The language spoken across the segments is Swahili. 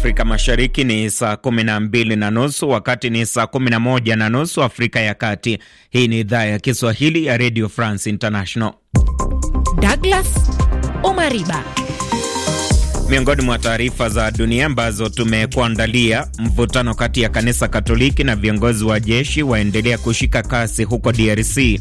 Afrika Mashariki ni saa kumi na mbili na nusu wakati ni saa kumi na moja na nusu Afrika ya Kati. Hii ni idhaa ya Kiswahili ya Radio France International. Douglas Omariba, miongoni mwa taarifa za dunia ambazo tumekuandalia: mvutano kati ya kanisa Katoliki na viongozi wa jeshi waendelea kushika kasi huko DRC.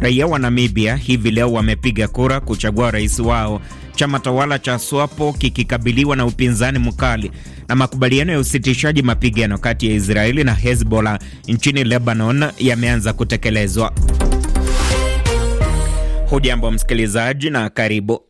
Raia wa Namibia hivi leo wamepiga kura kuchagua rais wao, chama tawala cha SWAPO kikikabiliwa na upinzani mkali na makubaliano ya usitishaji mapigano kati ya Israeli na Hezbollah nchini Lebanon yameanza kutekelezwa. Hujambo msikilizaji na karibu.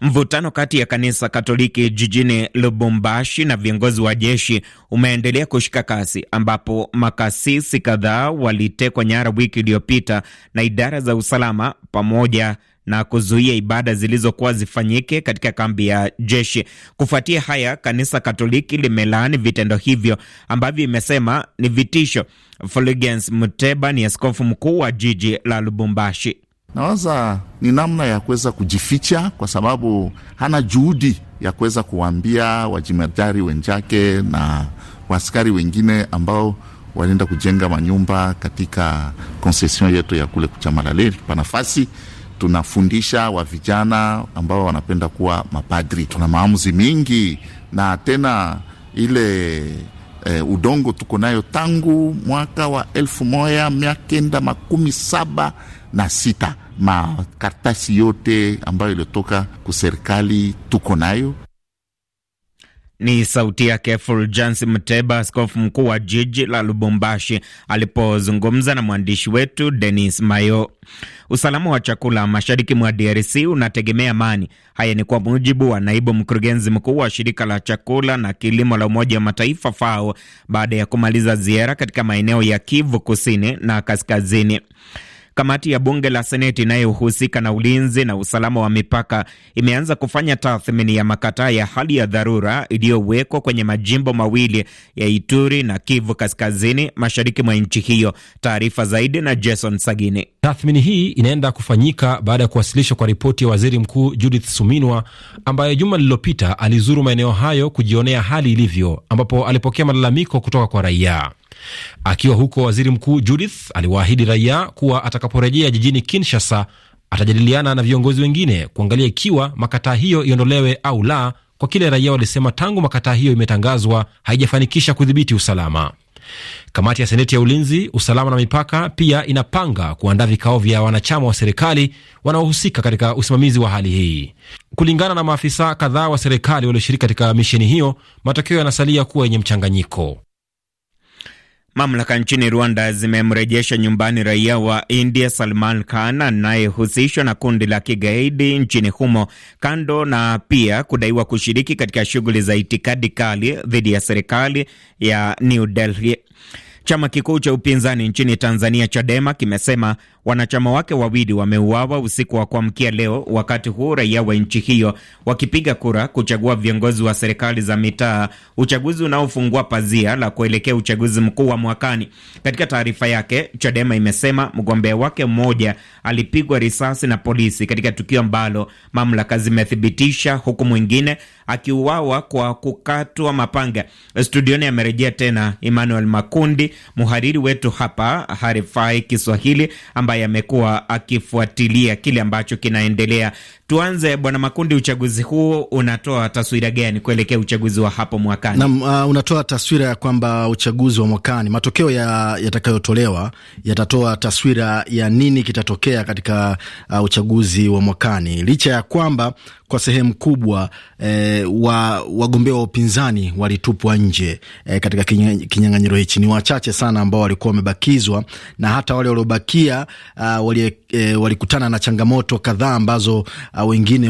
Mvutano kati ya kanisa Katoliki jijini Lubumbashi na viongozi wa jeshi umeendelea kushika kasi, ambapo makasisi kadhaa walitekwa nyara wiki iliyopita na idara za usalama pamoja na kuzuia ibada zilizokuwa zifanyike katika kambi ya jeshi. Kufuatia haya, kanisa Katoliki limelaani vitendo hivyo ambavyo imesema ni vitisho. Fulgens Muteba ni askofu mkuu wa jiji la Lubumbashi. Nawaza ni namna ya kuweza kujificha, kwa sababu hana juhudi ya kuweza kuwaambia wajimadari wenjake na waskari wengine ambao walienda kujenga manyumba katika konsesion yetu ya kule kuchamalale pa nafasi tunafundisha wa vijana ambao wanapenda kuwa mapadri. Tuna maamuzi mingi na tena ile e, udongo tuko nayo tangu mwaka wa elfu moja mia kenda makumi saba na sita makartasi yote ambayo iliotoka kuserikali tuko nayo ni sauti yake Fulgence Mteba, askofu mkuu wa jiji la Lubumbashi, alipozungumza na mwandishi wetu Denis Mayo. Usalama wa chakula mashariki mwa DRC unategemea amani. Haya ni kwa mujibu wa naibu mkurugenzi mkuu wa shirika la chakula na kilimo la Umoja wa Mataifa FAO, baada ya kumaliza ziara katika maeneo ya Kivu kusini na kaskazini. Kamati ya bunge la Seneti inayohusika na ulinzi na usalama wa mipaka imeanza kufanya tathmini ya makataa ya hali ya dharura iliyowekwa kwenye majimbo mawili ya Ituri na Kivu Kaskazini, mashariki mwa nchi hiyo. Taarifa zaidi na Jason Sagini. Tathmini hii inaenda kufanyika baada ya kuwasilishwa kwa ripoti ya waziri mkuu Judith Suminwa, ambaye juma lililopita alizuru maeneo hayo kujionea hali ilivyo, ambapo alipokea malalamiko kutoka kwa raia. Akiwa huko, waziri mkuu Judith aliwaahidi raia kuwa atakaporejea jijini Kinshasa atajadiliana na viongozi wengine kuangalia ikiwa makataa hiyo iondolewe au la, kwa kile raia walisema tangu makataa hiyo imetangazwa haijafanikisha kudhibiti usalama. Kamati ya Seneti ya Ulinzi, Usalama na Mipaka pia inapanga kuandaa vikao vya wanachama wa serikali wanaohusika katika usimamizi wa hali hii. Kulingana na maafisa kadhaa wa serikali walioshiriki katika misheni hiyo, matokeo yanasalia kuwa yenye mchanganyiko. Mamlaka nchini Rwanda zimemrejesha nyumbani raia wa India Salman Khan anayehusishwa na kundi la kigaidi nchini humo, kando na pia kudaiwa kushiriki katika shughuli za itikadi kali dhidi ya serikali ya New Delhi. Chama kikuu cha upinzani nchini Tanzania, Chadema, kimesema wanachama wake wawili wameuawa usiku wa kuamkia leo, wakati huu raia wa nchi hiyo wakipiga kura kuchagua viongozi wa serikali za mitaa, uchaguzi unaofungua pazia la kuelekea uchaguzi mkuu wa mwakani. Katika taarifa yake, Chadema imesema mgombea wake mmoja alipigwa risasi na polisi katika tukio ambalo mamlaka zimethibitisha, huku mwingine akiuawa kwa kukatwa mapanga. Studioni amerejea tena Emmanuel Makundi, mhariri wetu hapa RFI Kiswahili ambaye amekuwa akifuatilia kile ambacho kinaendelea Tuanze bwana Makundi, uchaguzi huu unatoa taswira gani kuelekea uchaguzi wa hapo mwakani? Naam, uh, unatoa taswira ya kwamba uchaguzi wa mwakani, matokeo yatakayotolewa ya yatatoa taswira ya nini kitatokea katika uh, uchaguzi wa mwakani, licha ya kwamba kwa sehemu kubwa eh, wa wagombea wa upinzani walitupwa nje eh, katika kinyang'anyiro hichi. Ni wachache sana ambao walikuwa wamebakizwa, na hata wale waliobakia uh, eh, walikutana eh, na changamoto kadhaa ambazo uh, wengine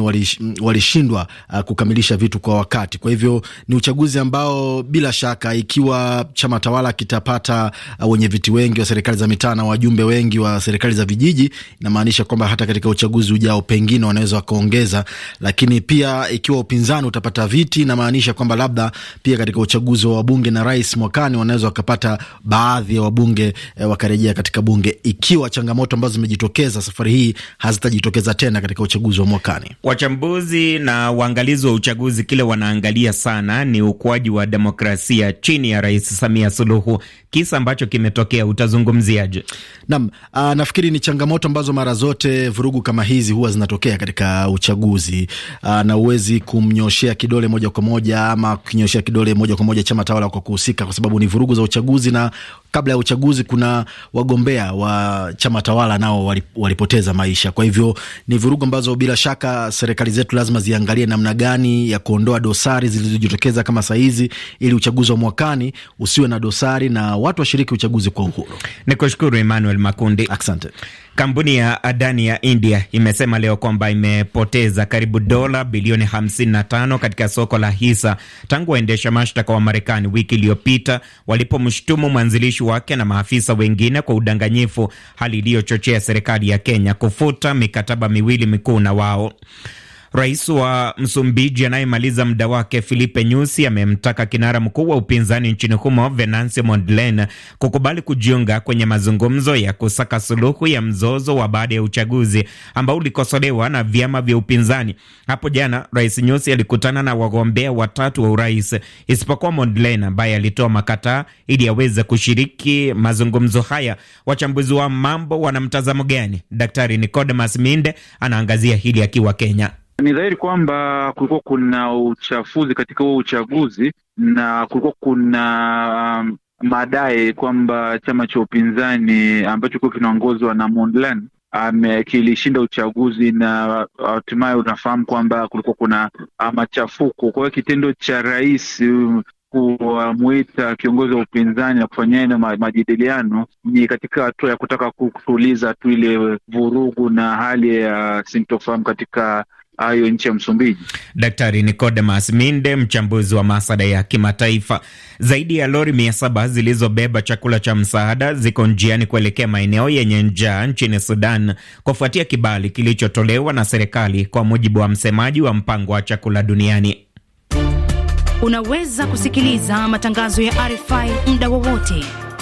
walishindwa wali uh, kukamilisha vitu kwa wakati. Kwa hivyo ni uchaguzi ambao bila shaka, ikiwa chama tawala kitapata uh, wenye viti wengi wa serikali za mitaa na wajumbe wengi wa serikali za vijiji, inamaanisha kwamba hata katika uchaguzi ujao pengine wanaweza wakaongeza, lakini pia ikiwa upinzani utapata viti, inamaanisha kwamba labda pia katika uchaguzi wa wabunge na rais mwakani wanaweza wakapata baadhi ya wabunge e, wakarejea katika bunge, ikiwa changamoto ambazo zimejitokeza safari hii hazitajitokeza tena katika uchaguzi wa mwaka mwakani. Wachambuzi na waangalizi wa uchaguzi, kile wanaangalia sana ni ukuaji wa demokrasia chini ya Rais Samia Suluhu. Kisa ambacho kimetokea utazungumziaje? Naam, ah, nafikiri ni changamoto ambazo mara zote vurugu kama hizi huwa zinatokea katika uchaguzi aa, ah, na uwezi kumnyoshea kidole moja kwa moja ama kunyoshea kidole moja kwa moja chama tawala kwa kuhusika, kwa sababu ni vurugu za uchaguzi na kabla ya uchaguzi kuna wagombea wa chama tawala nao walipoteza maisha. Kwa hivyo ni vurugu ambazo bila shaka serikali zetu lazima ziangalie namna gani ya kuondoa dosari zilizojitokeza kama sahizi, ili uchaguzi wa mwakani usiwe na dosari na watu washiriki uchaguzi kwa uhuru. Ni kushukuru Emmanuel Makundi, asante. Kampuni ya Adani ya India imesema leo kwamba imepoteza karibu dola bilioni 55 katika soko la hisa tangu waendesha mashtaka wa Marekani wiki iliyopita walipomshutumu mwanzilishi wanajeshi wake na maafisa wengine kwa udanganyifu, hali iliyochochea serikali ya Kenya kufuta mikataba miwili mikuu na wao. Rais wa Msumbiji anayemaliza muda wake Filipe Nyusi amemtaka kinara mkuu wa upinzani nchini humo Venancio Mondlane kukubali kujiunga kwenye mazungumzo ya kusaka suluhu ya mzozo wa baada ya uchaguzi ambao ulikosolewa na vyama vya upinzani. Hapo jana Rais Nyusi alikutana na wagombea watatu wa urais isipokuwa Mondlane ambaye alitoa makataa ili aweze kushiriki mazungumzo haya. Wachambuzi wa mambo wana mtazamo gani? Daktari Nicodemas Minde anaangazia hili akiwa Kenya. Ni dhahiri kwamba kulikuwa kuna uchafuzi katika huo uchaguzi na kulikuwa kuna um, madai kwamba chama cha upinzani ambacho kuwa kinaongozwa na Mondlane kilishinda uchaguzi na uh, hatimaye unafahamu kwamba kulikuwa kuna uh, machafuko. Kwa hiyo kitendo cha rais um, kuwamuita kiongozi wa upinzani na kufanyia na majadiliano ni katika hatua ya kutaka kutuliza tu ile vurugu na hali ya sintofahamu katika hayo nchi ya Msumbiji. Daktari Nicodemas Minde, mchambuzi wa masada ya kimataifa. Zaidi ya lori mia saba zilizobeba chakula cha msaada ziko njiani kuelekea maeneo yenye njaa nchini Sudan kufuatia kibali kilichotolewa na serikali, kwa mujibu wa msemaji wa mpango wa chakula duniani. Unaweza kusikiliza matangazo ya RFI muda wowote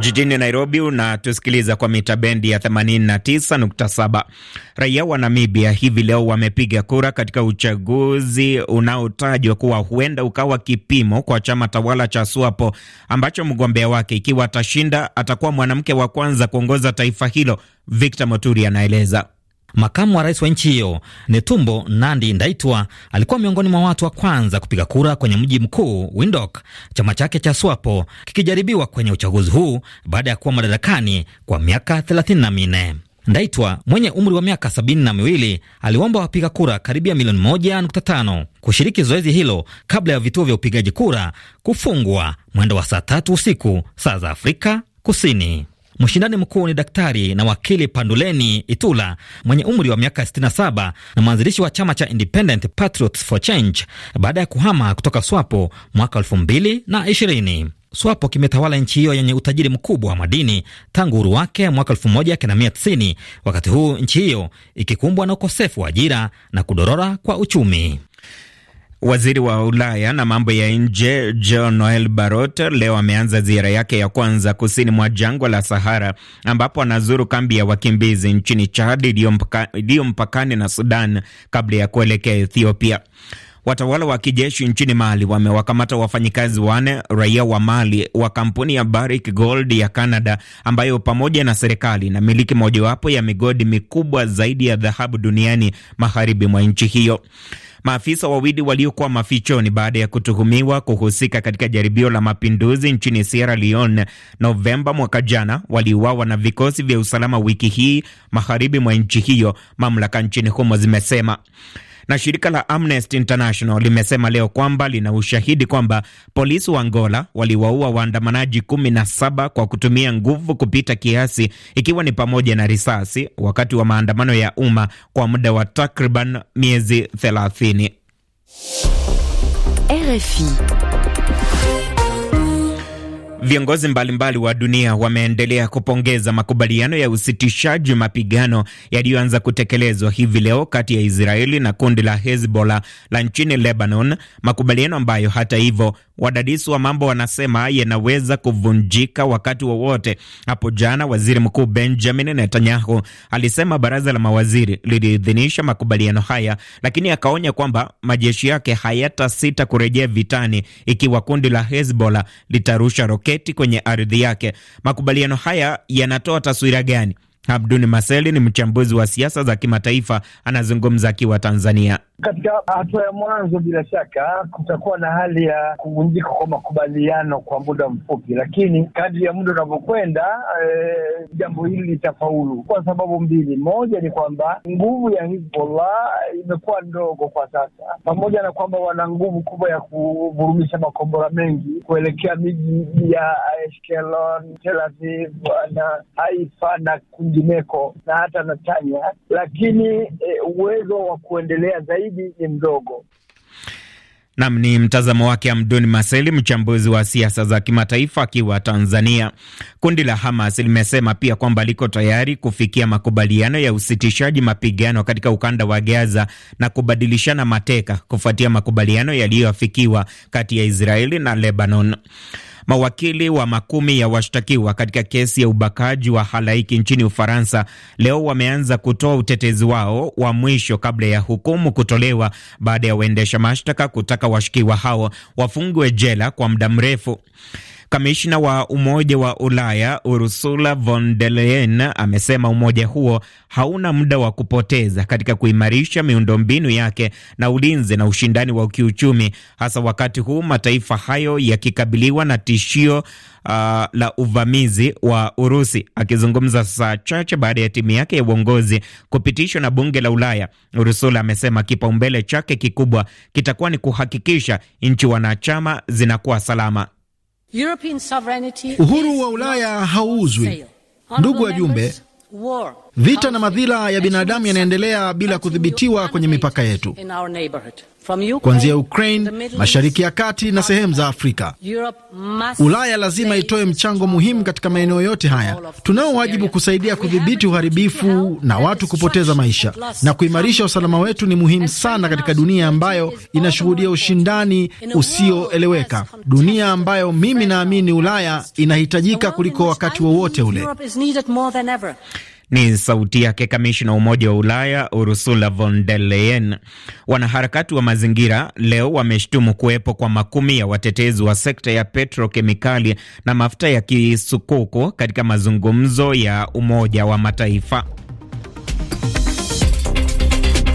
jijini Nairobi unatusikiliza kwa mita bendi ya 89.7. Raia wa Namibia hivi leo wamepiga kura katika uchaguzi unaotajwa kuwa huenda ukawa kipimo kwa chama tawala cha SWAPO ambacho mgombea wake, ikiwa atashinda, atakuwa mwanamke wa kwanza kuongoza taifa hilo. Victor Moturi anaeleza. Makamu wa rais wa nchi hiyo Netumbo Nandi Ndaitwa alikuwa miongoni mwa watu wa kwanza kupiga kura kwenye mji mkuu Windhoek, chama chake cha SWAPO kikijaribiwa kwenye uchaguzi huu baada ya kuwa madarakani kwa miaka thelathini na minne. Ndaitwa mwenye umri wa miaka sabini na miwili aliwaomba wapiga kura ya milioni moja nukta tano kushiriki zoezi hilo kabla ya vituo vya upigaji kura kufungwa mwendo wa saa tatu usiku saa za Afrika Kusini. Mshindani mkuu ni daktari na wakili Panduleni Itula mwenye umri wa miaka 67 na mwanzilishi wa chama cha Independent Patriots for Change baada ya kuhama kutoka SWAPO mwaka 2020. SWAPO kimetawala nchi hiyo yenye utajiri mkubwa wa madini tangu uhuru wake mwaka 1990, wakati huu nchi hiyo ikikumbwa na ukosefu wa ajira na kudorora kwa uchumi. Waziri wa Ulaya na mambo ya nje Jean Noel Barrot leo ameanza ziara yake ya kwanza kusini mwa jangwa la Sahara, ambapo anazuru kambi ya wakimbizi nchini Chad iliyo mpakani na Sudan kabla ya kuelekea Ethiopia. Watawala wa kijeshi nchini Mali wamewakamata wafanyikazi wane raia wa Mali wa kampuni ya Barrick Gold ya Canada ambayo pamoja na serikali na miliki mojawapo ya migodi mikubwa zaidi ya dhahabu duniani magharibi mwa nchi hiyo. Maafisa wawili waliokuwa mafichoni baada ya kutuhumiwa kuhusika katika jaribio la mapinduzi nchini Sierra Leone Novemba mwaka jana waliuawa na vikosi vya usalama wiki hii magharibi mwa nchi hiyo, mamlaka nchini humo zimesema. Na shirika la Amnesty International limesema leo kwamba lina ushahidi kwamba polisi wa Angola waliwaua waandamanaji kumi na saba kwa kutumia nguvu kupita kiasi, ikiwa ni pamoja na risasi, wakati wa maandamano ya umma kwa muda wa takriban miezi 30. RFI Viongozi mbalimbali wa dunia wameendelea kupongeza makubaliano ya usitishaji mapigano yaliyoanza kutekelezwa hivi leo kati ya Israeli na kundi la Hezbollah la nchini Lebanon, makubaliano ambayo hata hivyo wadadisi wa mambo wanasema yanaweza kuvunjika wakati wowote. Hapo jana waziri mkuu Benjamin Netanyahu alisema baraza la mawaziri liliidhinisha makubaliano haya, lakini akaonya kwamba majeshi yake hayatasita kurejea vitani ikiwa kundi la Hezbollah litarusha roketi kwenye ardhi yake. Makubaliano haya yanatoa taswira gani? Abduni Maseli ni mchambuzi wa siasa za kimataifa, anazungumza akiwa Tanzania. Katika hatua ya mwanzo, bila shaka kutakuwa na hali ya kuvunjika kwa makubaliano kwa muda mfupi, lakini kadri ya muda unavyokwenda, e, jambo hili litafaulu kwa sababu mbili. Moja ni kwamba nguvu ya Hizbullah imekuwa ndogo kwa sasa, pamoja na kwamba wana nguvu kubwa ya kuvurumisha makombora mengi kuelekea miji ya Ashkelon, Tel Aviv na Haifa na kundi kwingineko na hata na lakini e, uwezo wa kuendelea zaidi ni mdogo. Nam ni mtazamo wake Amduni Maseli, mchambuzi wa siasa za kimataifa akiwa Tanzania. Kundi la Hamas limesema pia kwamba liko tayari kufikia makubaliano ya usitishaji mapigano katika ukanda wa Gaza na kubadilishana mateka kufuatia makubaliano yaliyoafikiwa kati ya Israeli na Lebanon. Mawakili wa makumi ya washtakiwa katika kesi ya ubakaji wa halaiki nchini Ufaransa leo wameanza kutoa utetezi wao wa mwisho kabla ya hukumu kutolewa baada ya waendesha mashtaka kutaka washikiwa hao wafungwe jela kwa muda mrefu. Kamishna wa Umoja wa Ulaya Ursula von der Leyen amesema umoja huo hauna muda wa kupoteza katika kuimarisha miundombinu yake na ulinzi na ushindani wa kiuchumi, hasa wakati huu mataifa hayo yakikabiliwa na tishio uh, la uvamizi wa Urusi. Akizungumza saa chache baada ya timu yake ya uongozi kupitishwa na bunge la Ulaya, Ursula amesema kipaumbele chake kikubwa kitakuwa ni kuhakikisha nchi wanachama zinakuwa salama. Uhuru wa Ulaya hauuzwi. Ndugu wajumbe, vita na madhila ya binadamu yanaendelea bila kudhibitiwa kwenye mipaka yetu kuanzia Ukraine, Mashariki ya Kati na sehemu za Afrika. Ulaya lazima itoe mchango muhimu katika maeneo yote haya. Tunao wajibu kusaidia kudhibiti uharibifu na watu kupoteza maisha, na kuimarisha usalama wetu ni muhimu sana katika dunia ambayo inashuhudia ushindani usioeleweka, dunia ambayo mimi naamini Ulaya inahitajika kuliko wakati wowote wa ule. Ni sauti yake kamishna wa Umoja wa Ulaya Ursula von der Leyen. Wanaharakati wa mazingira leo wameshtumu kuwepo kwa makumi ya watetezi wa sekta ya petrokemikali na mafuta ya kisukuku katika mazungumzo ya Umoja wa Mataifa.